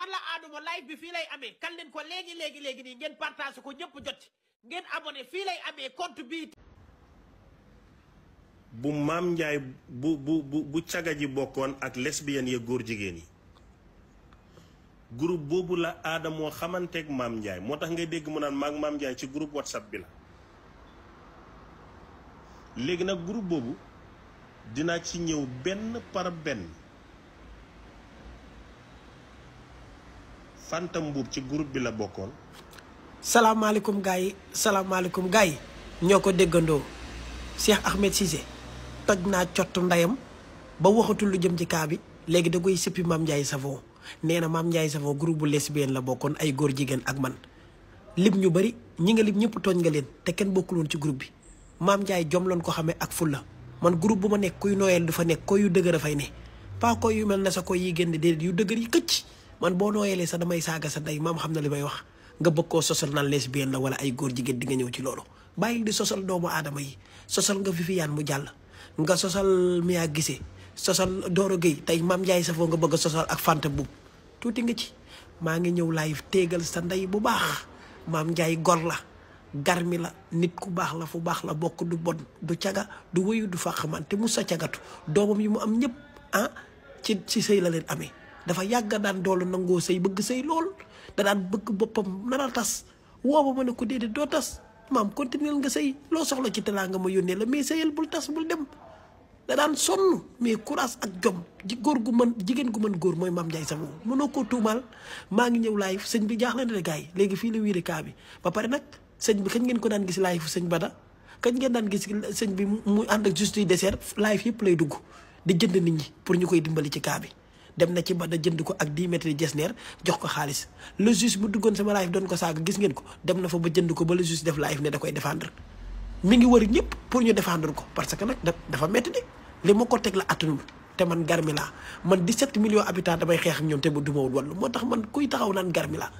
alla aaduma live bi fii lay amee kan leen ko léegi léegi léegi nii ngeen partage ko ñëpp jot ngeen abonné fii lay amee compte bi bu maam Njaay bu caga ji bokkoon ak lesbiennes ya góor jigéen yi groupe boobu la aada moo xamanteeg maam Njaay moo tax nga dégg mu naan maam Njaay ci groupe whatsapp bi la léegi nag groupe boobu dina ci ñëw benn par benn Fanta Mbuub ci groupe bi la bokkoon. salaamaaleykum gars yi salaamaaleykum gars yi ñoo ko déggandoo Cheikh Ahmed Cissé toj naa cottu ndeyam ba waxatul lu jëm ci kaa bi léegi da koy sëppi maam njaay Savon nee na maam Ndiaye Savon groupe bu lesbienne la bokkoon ay góor jigéen ak man. lib ñu bëri ñi nga lib ñëpp tooñ nga leen te kenn bokkul woon ci groupe bi maam Ndiaye jom loon ko xamee ak fulla man groupe bu ma nekk kuy nooyal du fa nekk koy yu dëgër a fay ne pas koy mel ne sa koy yi génn déedéet yu dëgër yi këcc. man boo nooyelee sax damay saaga sa day maam xam na li may wax nga bëgg sosal naan lesbienne la wala ay góor jigéen di ñëw ci bàyyi di sosal doomu aadama yi sosal nga Viviane mu jàll nga sosal Mia Guissé sosal Doro Gueye tey maam Ndiaye Savon nga bëgg sosal ak Fanta Boub tuuti nga ci maa ngi ñëw live téegal sa ndey bu baax maam Ndiaye gor la garmi la nit ku baax la fu baax la bokk du bon du caga du wëyu du fàqman te mu sa cagatu doomam yi mu am ñëpp ah ci ci sëy la leen amee dafa yàgg daan doolu nangoo sëy bëgg sëy lool da daan bëgg boppam nar a tas wooba ma ne ko déedéet doo tas maam continuer nga sëy loo soxla ci teraanga ma yónnee la mais sëyal bul tas bul dem da daan sonn mais courage ak jom ji góor gu mën jigéen gu mën góor mooy maam Ndiaye Savon mënoo koo tuumaal maa ngi ñëw live sëñ bi jaaxle ne de gars yi léegi fii la wiiri kaa bi ba pare nag sëñ bi kañ ngeen ko daan gis live sëñ ba da kañ ngeen daan gis sëñ bi mu ànd ak juste dessert live yëpp lay dugg di jënd nit ñi pour ñu koy dimbali ci kaa bi dem na ci ba da jënd ko ak 10 mètres jesneer jox ko xaalis le juge bu duggoon sama live doon ko saaga gis ngeen ko dem na fa ba jënd ko ba le juge def live ne da koy défendre mi ngi wër ñëpp pour ñu défendre ko parce que nag dafa métti li ma ko teg la attanul te man garmi laa man 17 millions habitants damay xeex ak ñoom te ba duma wut wàllu moo tax man kuy taxaw naan garmi laa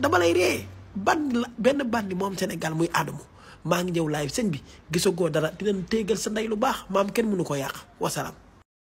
dama lay ree bandi la benn bandi moo am Sénégal muy Adamo maa ngi ñëw live sëñ bi gisagoo dara dinañ téegal sa ndey lu baax maam kenn mënu ko yàq wasalaam